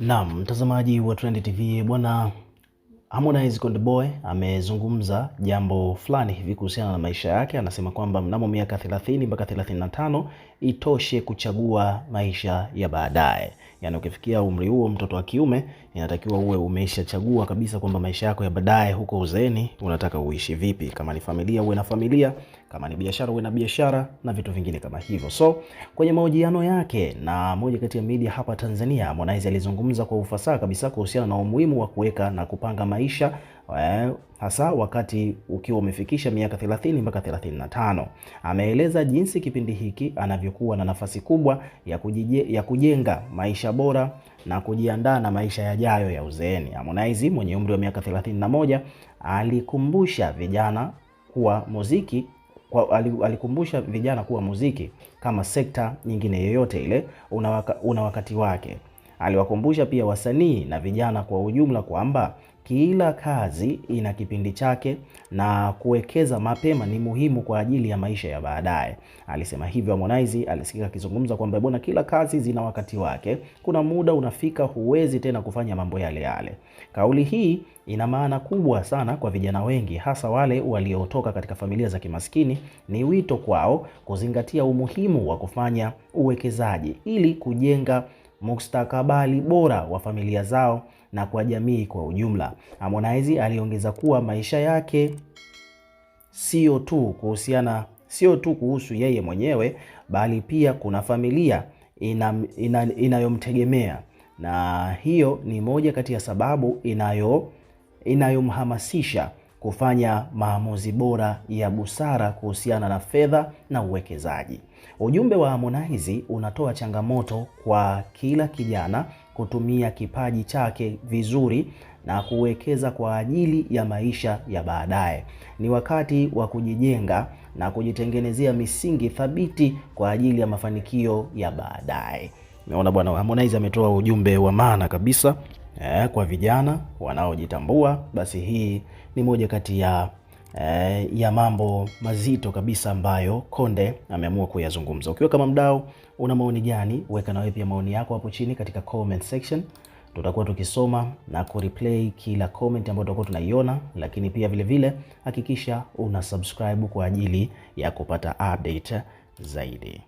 Naam, mtazamaji wa Trend TV bwana, Harmonize Konde Boy amezungumza jambo fulani hivi kuhusiana na maisha yake. Anasema kwamba mnamo miaka 30 mpaka 35 itoshe kuchagua maisha ya baadaye. Yaani ukifikia umri huo, mtoto wa kiume, inatakiwa uwe umeshachagua kabisa kwamba maisha yako ya baadaye huko uzeeni unataka uishi vipi. Kama ni familia, uwe na familia kama ni biashara uwe na biashara na vitu vingine kama hivyo. So kwenye mahojiano yake na moja kati ya media hapa Tanzania, Harmonize alizungumza kwa ufasaha kabisa kuhusiana na umuhimu wa kuweka na kupanga maisha eh, hasa wakati ukiwa umefikisha miaka 30 mpaka 35. Ameeleza jinsi kipindi hiki anavyokuwa na nafasi kubwa ya, kujije, ya kujenga maisha bora na kujiandaa na maisha yajayo ya uzeeni. Harmonize mwenye umri wa miaka 31 alikumbusha vijana kuwa muziki kwa, alikumbusha vijana kuwa muziki kama sekta nyingine yoyote ile una, una wakati wake. Aliwakumbusha pia wasanii na vijana kwa ujumla kwamba kila kazi ina kipindi chake na kuwekeza mapema ni muhimu kwa ajili ya maisha ya baadaye. Alisema hivyo Harmonize alisikika akizungumza kwamba bwana, kila kazi zina wakati wake, kuna muda unafika, huwezi tena kufanya mambo yale yale. Kauli hii ina maana kubwa sana kwa vijana wengi, hasa wale waliotoka katika familia za kimaskini. Ni wito kwao kuzingatia umuhimu wa kufanya uwekezaji ili kujenga mustakabali bora wa familia zao na kwa jamii kwa ujumla. Harmonize aliongeza kuwa maisha yake sio tu kuhusiana sio tu kuhusu yeye mwenyewe bali pia kuna familia inayomtegemea ina, ina na hiyo ni moja kati ya sababu inayo inayomhamasisha kufanya maamuzi bora ya busara kuhusiana na fedha na uwekezaji. Ujumbe wa Harmonize unatoa changamoto kwa kila kijana kutumia kipaji chake vizuri na kuwekeza kwa ajili ya maisha ya baadaye. Ni wakati wa kujijenga na kujitengenezea misingi thabiti kwa ajili ya mafanikio ya baadaye. Umeona bwana, Harmonize ametoa ujumbe wa maana kabisa eh, kwa vijana wanaojitambua, basi hii ni moja kati ya eh, ya mambo mazito kabisa ambayo Konde ameamua kuyazungumza. Ukiwa kama mdau, una maoni gani? Weka na wewe pia maoni yako hapo chini katika comment section tutakuwa tukisoma na kureplay kila comment ambayo tutakuwa tunaiona, lakini pia vile vile hakikisha una subscribe kwa ajili ya kupata update zaidi.